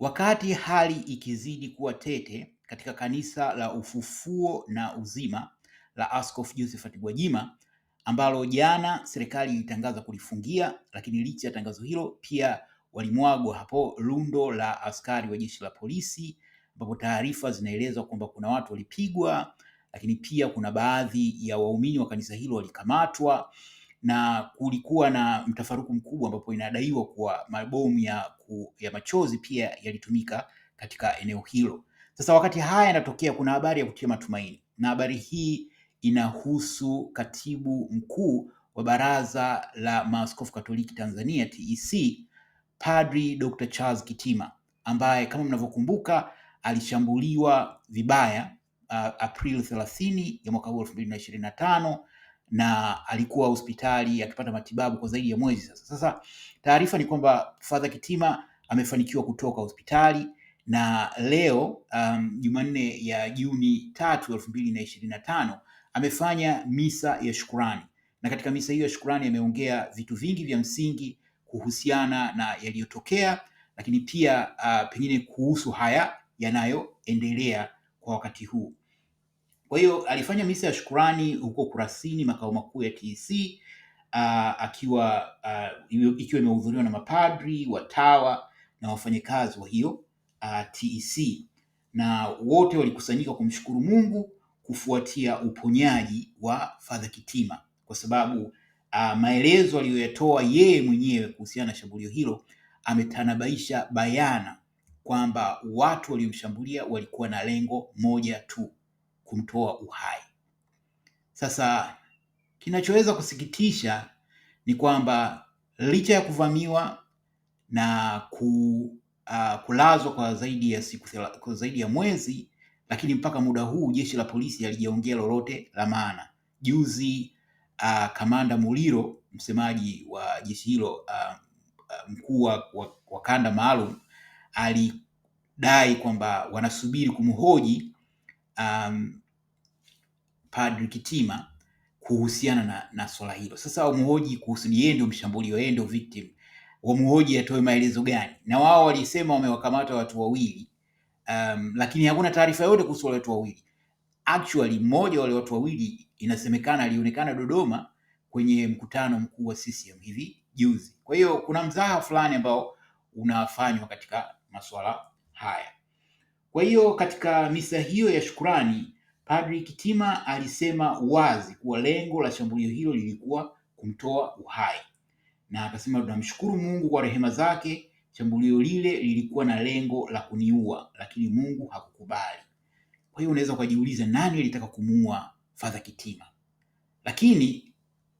Wakati hali ikizidi kuwa tete katika Kanisa la Ufufuo na Uzima la Askofu Josephat Gwajima ambalo jana serikali ilitangaza kulifungia, lakini licha ya tangazo hilo pia walimwagwa hapo lundo la askari wa jeshi la polisi, ambapo taarifa zinaelezwa kwamba kuna watu walipigwa, lakini pia kuna baadhi ya waumini wa kanisa hilo walikamatwa na kulikuwa na mtafaruku mkubwa ambapo inadaiwa kuwa mabomu ya, ku, ya machozi pia yalitumika katika eneo hilo. Sasa wakati haya yanatokea, kuna habari ya kutia matumaini, na habari hii inahusu katibu mkuu wa Baraza la Maaskofu Katoliki Tanzania TEC, Padri Dr. Charles Kitima ambaye kama mnavyokumbuka alishambuliwa vibaya uh, April 30 ya mwaka huu 2025 na alikuwa hospitali akipata matibabu kwa zaidi ya mwezi sasa. Sasa taarifa ni kwamba Father Kitima amefanikiwa kutoka hospitali na leo um, Jumanne um, ya Juni tatu elfu mbili na ishirini na tano amefanya misa ya shukurani, na katika misa hiyo ya shukurani ameongea vitu vingi vya msingi kuhusiana na yaliyotokea, lakini pia uh, pengine kuhusu haya yanayoendelea kwa wakati huu. Kwa hiyo alifanya misa ya shukurani huko Kurasini, makao makuu ya TEC uh, ah, akiwa uh, ikiwa imehudhuriwa na mapadri, watawa na wafanyakazi wa hiyo uh, ah, TEC na wote walikusanyika kumshukuru Mungu kufuatia uponyaji wa Father Kitima, kwa sababu uh, maelezo aliyoyatoa yeye mwenyewe kuhusiana na shambulio hilo ametanabaisha bayana kwamba watu waliomshambulia walikuwa na lengo moja tu kumtoa uhai. Sasa kinachoweza kusikitisha ni kwamba licha ya kuvamiwa na ku, uh, kulazwa kwa zaidi ya siku kwa zaidi ya mwezi, lakini mpaka muda huu jeshi la polisi halijaongea lolote la maana. Juzi uh, kamanda Muliro, msemaji wa jeshi hilo uh, uh, mkuu wa, wa kanda maalum alidai kwamba wanasubiri kumhoji um, Padri Kitima kuhusiana na, na swala hilo. Sasa wamuhoji kuhusu ni yeye ndio mshambulio, yeye ndio victim, wamuhoji atoe maelezo gani? Na wao walisema wamewakamata watu wawili um, lakini hakuna taarifa yoyote kuhusu wale watu wawili. Actually mmoja wale watu wawili inasemekana alionekana Dodoma kwenye mkutano mkuu wa CCM hivi juzi. Kwa hiyo kuna mzaha fulani ambao unafanywa katika masuala haya. Kwa hiyo katika misa hiyo ya shukurani Padri Kitima alisema wazi kuwa lengo la shambulio hilo lilikuwa kumtoa uhai, na akasema tunamshukuru Mungu kwa rehema zake, shambulio lile lilikuwa na lengo la kuniua, lakini Mungu hakukubali. Kwa hiyo unaweza ukajiuliza nani alitaka kumuua Father Kitima, lakini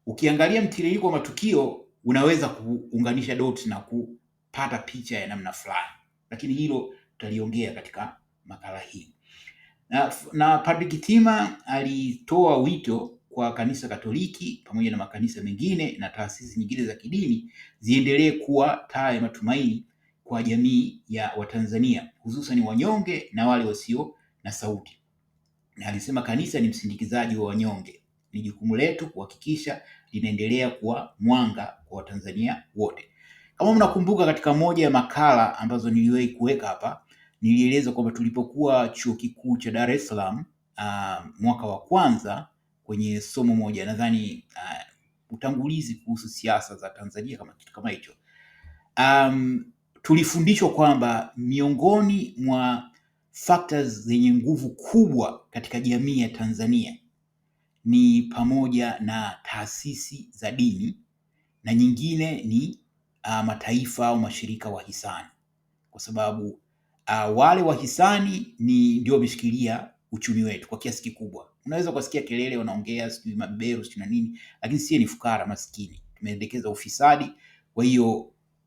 ukiangalia mtiririko wa matukio unaweza kuunganisha dots na kupata picha ya namna fulani, lakini hilo tutaliongea katika makala hii na, na Padre Kitima alitoa wito kwa kanisa Katoliki pamoja na makanisa mengine na taasisi nyingine za kidini ziendelee kuwa taa ya matumaini kwa jamii ya Watanzania hususan wanyonge na wale wasio na sauti. Na alisema kanisa ni msindikizaji wa wanyonge. Ni jukumu letu kuhakikisha linaendelea kuwa mwanga kwa Watanzania wote. Kama mnakumbuka, katika moja ya makala ambazo niliwahi kuweka hapa nilieleza kwamba tulipokuwa chuo kikuu cha Dar es Salaam uh, mwaka wa kwanza kwenye somo moja nadhani uh, utangulizi kuhusu siasa za Tanzania kama kitu kama hicho um, tulifundishwa kwamba miongoni mwa factors zenye nguvu kubwa katika jamii ya Tanzania ni pamoja na taasisi za dini na nyingine ni uh, mataifa au mashirika wa hisani kwa sababu uh, wale wahisani ni ndio wameshikilia uchumi wetu kwa kiasi kikubwa. Unaweza ukasikia kelele wanaongea sijui mabeberu sijui na nini, lakini sie ni fukara maskini, tumeendekeza ufisadi. Kwa hiyo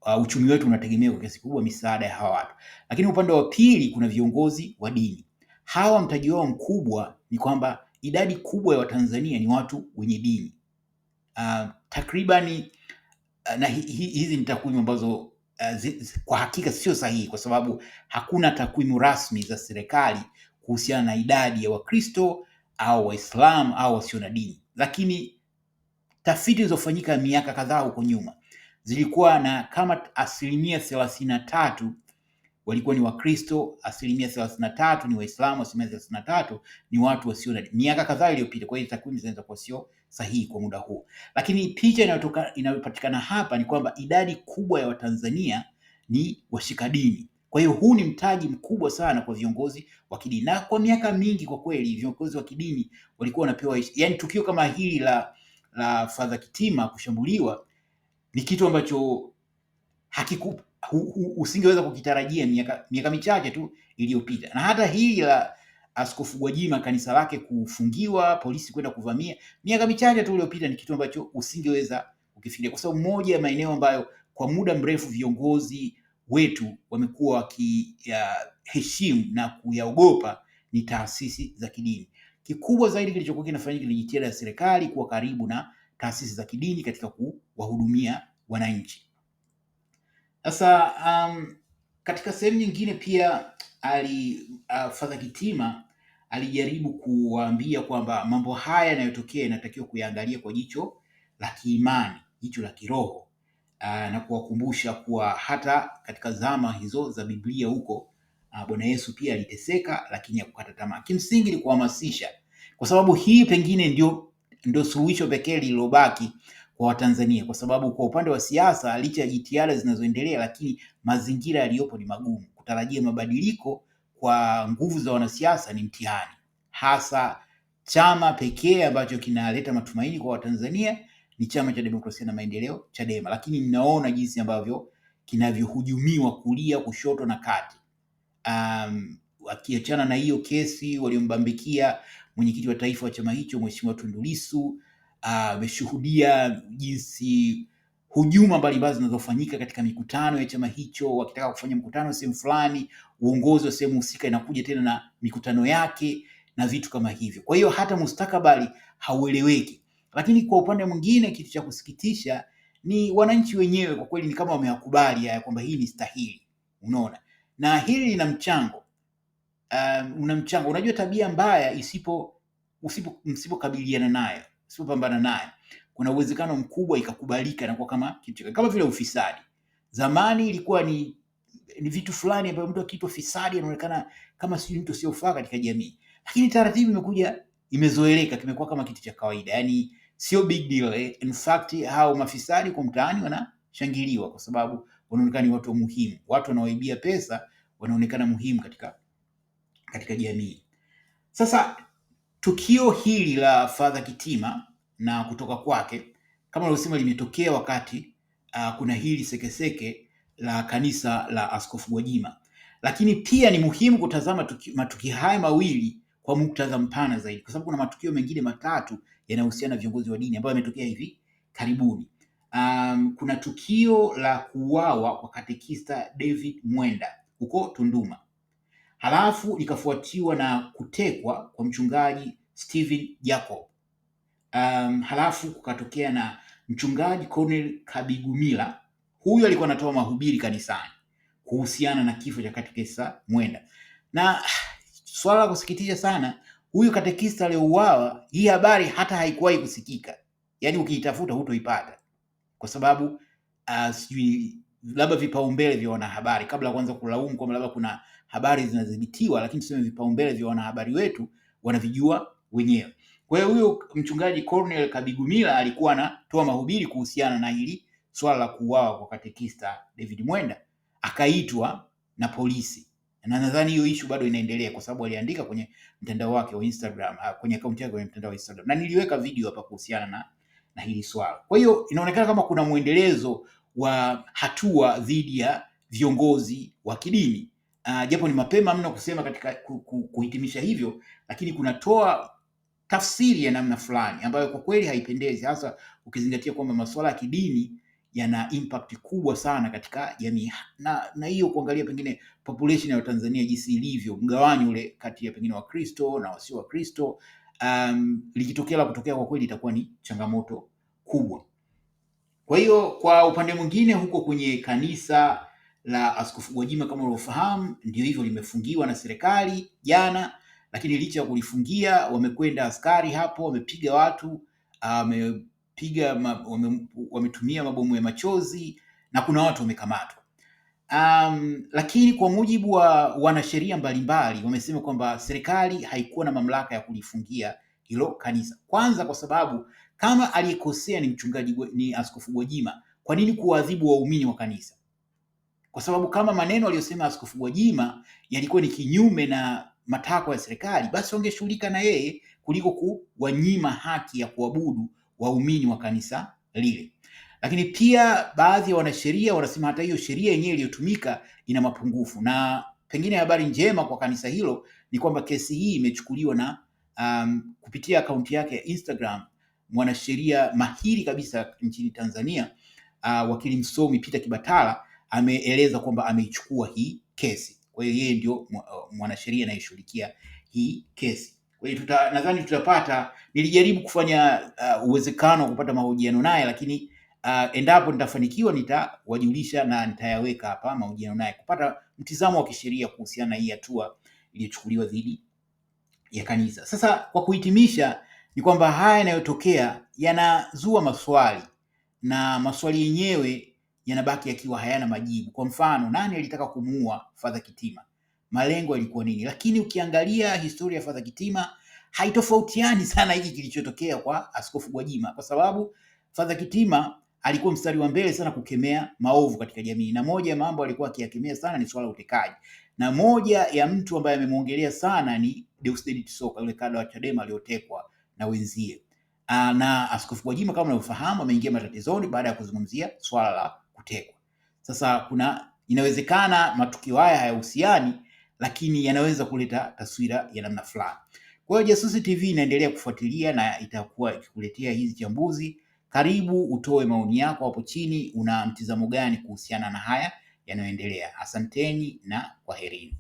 uh, uchumi wetu unategemea kwa kiasi kikubwa misaada ya hawa watu. Lakini upande wa pili kuna viongozi wa dini. Hawa mtaji wao mkubwa ni kwamba idadi kubwa ya Watanzania ni watu wenye dini uh, takribani uh, na hizi hi, hi, hi, ni takwimu ambazo Eh, zi, zi, kwa hakika sio sahihi kwa sababu hakuna takwimu rasmi za serikali kuhusiana na idadi ya Wakristo au Waislamu au wasio na dini, lakini tafiti zilizofanyika miaka kadhaa huko nyuma zilikuwa na kama asilimia thelathini na tatu walikuwa ni Wakristo asilimia thelathini na tatu ni Waislamu asilimia thelathini na tatu ni watu wasio na miaka kadhaa iliyopita. Kwa hiyo takwimu zinaweza kuwa sio sahihi kwa muda huu, lakini picha inayotoka inayopatikana hapa ni kwamba idadi kubwa ya Watanzania ni washika dini. Kwa hiyo huu ni mtaji mkubwa sana kwa viongozi wa kidini, na kwa miaka mingi kwa kweli viongozi wa kidini walikuwa wanapewa, yani tukio kama hili la la Fadha Kitima kushambuliwa ni kitu ambacho hakikupa usingeweza kukitarajia miaka miaka michache tu iliyopita. Na hata hili la Askofu Gwajima kanisa lake kufungiwa, polisi kwenda kuvamia, miaka michache tu iliyopita, ni kitu ambacho usingeweza kukifikiria, kwa sababu moja ya maeneo ambayo kwa muda mrefu viongozi wetu wamekuwa wakiyaheshimu na kuyaogopa ni taasisi za kidini. Kikubwa zaidi kilichokuwa kinafanyika ni jitihada ya serikali kuwa karibu na taasisi za kidini katika kuwahudumia wananchi. Sasa um, katika sehemu nyingine pia ali uh, Father Kitima alijaribu kuwaambia kwamba mambo haya yanayotokea inatakiwa kuyaangalia kwa jicho la kiimani, jicho la kiroho uh, na kuwakumbusha kuwa hata katika zama hizo za Biblia huko uh, Bwana Yesu pia aliteseka, lakini hakukata tamaa. Kimsingi ni kuhamasisha, kwa sababu hii pengine ndio ndio suluhisho pekee lililobaki kwa Watanzania, kwa sababu kwa upande wa siasa, licha ya jitihada zinazoendelea, lakini mazingira yaliyopo ni magumu. Kutarajia mabadiliko kwa nguvu za wanasiasa ni mtihani, hasa chama pekee ambacho kinaleta matumaini kwa Watanzania ni Chama cha Demokrasia na Maendeleo, Chadema, lakini ninaona jinsi ambavyo kinavyohujumiwa kulia, kushoto na kati. Um, wakiachana na hiyo kesi waliombambikia mwenyekiti wa taifa wa chama hicho Mheshimiwa Tundu Lissu ameshuhudia uh, jinsi hujuma mbalimbali zinazofanyika katika mikutano ya chama hicho. Wakitaka kufanya mkutano sehemu fulani, uongozi wa sehemu husika inakuja tena na mikutano yake na vitu kama hivyo. Kwa hiyo hata mustakabali haueleweki. Lakini kwa upande mwingine, kitu cha kusikitisha ni wananchi wenyewe, kwa kweli ni kama wamewakubali haya kwamba hii ni stahili, unaona, na hili lina mchango um, una mchango. Unajua tabia mbaya isipo usipokabiliana nayo usipopambana naye, kuna uwezekano mkubwa ikakubalika na kuwa kama kitu kama vile ufisadi. Zamani ilikuwa ni ni vitu fulani ambavyo mtu akiitwa fisadi anaonekana kama si mtu asiofaa katika jamii, lakini taratibu imekuja imezoeleka, kimekuwa kama kitu cha kawaida, yani sio big deal eh. In fact hao mafisadi kwa mtaani wanashangiliwa kwa sababu wanaonekana ni watu muhimu, watu wanaoibia pesa wanaonekana muhimu katika katika jamii. Sasa Tukio hili la Father Kitima na kutoka kwake kama ulivyosema limetokea wakati uh, kuna hili sekeseke la kanisa la Askofu Gwajima, lakini pia ni muhimu kutazama matukio haya mawili kwa muktadha mpana zaidi, kwa sababu kuna matukio mengine matatu yanayohusiana na viongozi wa dini ambayo yametokea hivi karibuni. Um, kuna tukio la kuuawa kwa katekista David Mwenda huko Tunduma halafu ikafuatiwa na kutekwa kwa mchungaji Stephen Jacob. Um, halafu kukatokea na mchungaji Cornel Kabigumila, huyu alikuwa anatoa mahubiri kanisani kuhusiana na kifo cha katekista Mwenda, na swala la kusikitisha sana, huyu katekista aliyouawa, hii habari hata haikuwahi kusikika, yaani ukiitafuta hutoipata kwa sababu uh, sijui labda vipaumbele vya wanahabari, kabla ya kuanza kulaumu kwamba labda kuna habari zinadhibitiwa, lakini tuseme vipaumbele vya wanahabari wetu wanavijua wenyewe. Kwa hiyo huyo mchungaji Cornel Kabigumila alikuwa anatoa mahubiri kuhusiana na hili swala la kuuawa kwa katekista David Mwenda, akaitwa na polisi, na nadhani hiyo ishu bado inaendelea, kwa sababu aliandika kwenye mtandao wake wa Instagram, ah, kwenye akaunti yake kwenye mtandao wa Instagram, na niliweka video hapa kuhusiana na na hili swala. Kwa hiyo inaonekana kama kuna mwendelezo wa hatua dhidi ya viongozi wa kidini. Uh, japo ni mapema mno kusema katika kuhitimisha hivyo, lakini kunatoa tafsiri ya namna fulani ambayo kwa kweli haipendezi, hasa ukizingatia kwamba masuala ya kidini yana impact kubwa sana katika jamii na na hiyo kuangalia pengine population ya Tanzania jinsi ilivyo, mgawanyo ule kati ya pengine Wakristo na wasio Wakristo, um, likitokea la kutokea, kwa kweli itakuwa ni changamoto kubwa. Kwa hiyo kwa upande mwingine, huko kwenye kanisa la Askofu Gwajima kama ulivyofahamu, ndio hivyo limefungiwa na serikali jana, lakini licha ya kulifungia wamekwenda askari hapo, wamepiga watu, ah, wamepiga wame, wametumia mabomu ya machozi na kuna watu wamekamatwa. Um, lakini kwa mujibu wa wanasheria mbalimbali wamesema kwamba serikali haikuwa na mamlaka ya kulifungia hilo kanisa, kwanza kwa sababu kama aliyekosea ni mchungaji ni Askofu Gwajima, kwa nini kuwaadhibu waumini wa kanisa? Kwa sababu kama maneno aliyosema Askofu Gwajima yalikuwa ni kinyume na matakwa ya serikali, basi wangeshughulika na yeye kuliko kuwanyima haki ya kuabudu waumini wa kanisa lile. Lakini pia baadhi ya wanasheria wanasema hata hiyo sheria yenyewe iliyotumika ina mapungufu, na pengine habari njema kwa kanisa hilo ni kwamba kesi hii imechukuliwa na um, kupitia akaunti yake ya Instagram mwanasheria mahiri kabisa nchini Tanzania uh, wakili msomi Peter Kibatala ameeleza kwamba ameichukua hii kesi. Kwa hiyo yeye ndio uh, mwanasheria anayeshughulikia hii kesi. Kwa hiyo tuta, nadhani tutapata, nilijaribu kufanya uh, uwezekano wa kupata mahojiano naye, lakini uh, endapo nitafanikiwa nitawajulisha na nitayaweka hapa mahojiano naye kupata mtizamo wa kisheria kuhusiana na hii hatua iliyochukuliwa dhidi ya kanisa. Sasa kwa kuhitimisha ni kwamba haya yanayotokea yanazua maswali na maswali yenyewe yanabaki yakiwa hayana majibu. Kwa mfano, nani alitaka kumuua Father Kitima? Malengo yalikuwa nini? Lakini ukiangalia historia ya Father Kitima haitofautiani sana hiki kilichotokea kwa Askofu Gwajima, kwa sababu Father Kitima alikuwa mstari wa mbele sana kukemea maovu katika jamii, na moja ya mambo alikuwa akiyakemea sana ni swala la utekaji, na moja ya mtu ambaye amemwongelea sana ni Deusdedith Soka, yule kada wa Chadema aliyotekwa na wenzie. Ah, na Askofu Gwajima kama unavyofahamu ameingia matatizoni baada ya kuzungumzia swala la kutekwa. Sasa kuna inawezekana matukio haya hayahusiani, lakini yanaweza kuleta taswira ya namna fulani. Kwa hiyo Jasusi TV inaendelea kufuatilia na itakuwa ikikuletea hizi chambuzi. Karibu utoe maoni yako hapo chini, una mtizamo gani kuhusiana na haya yanayoendelea? Asanteni na kwaherini.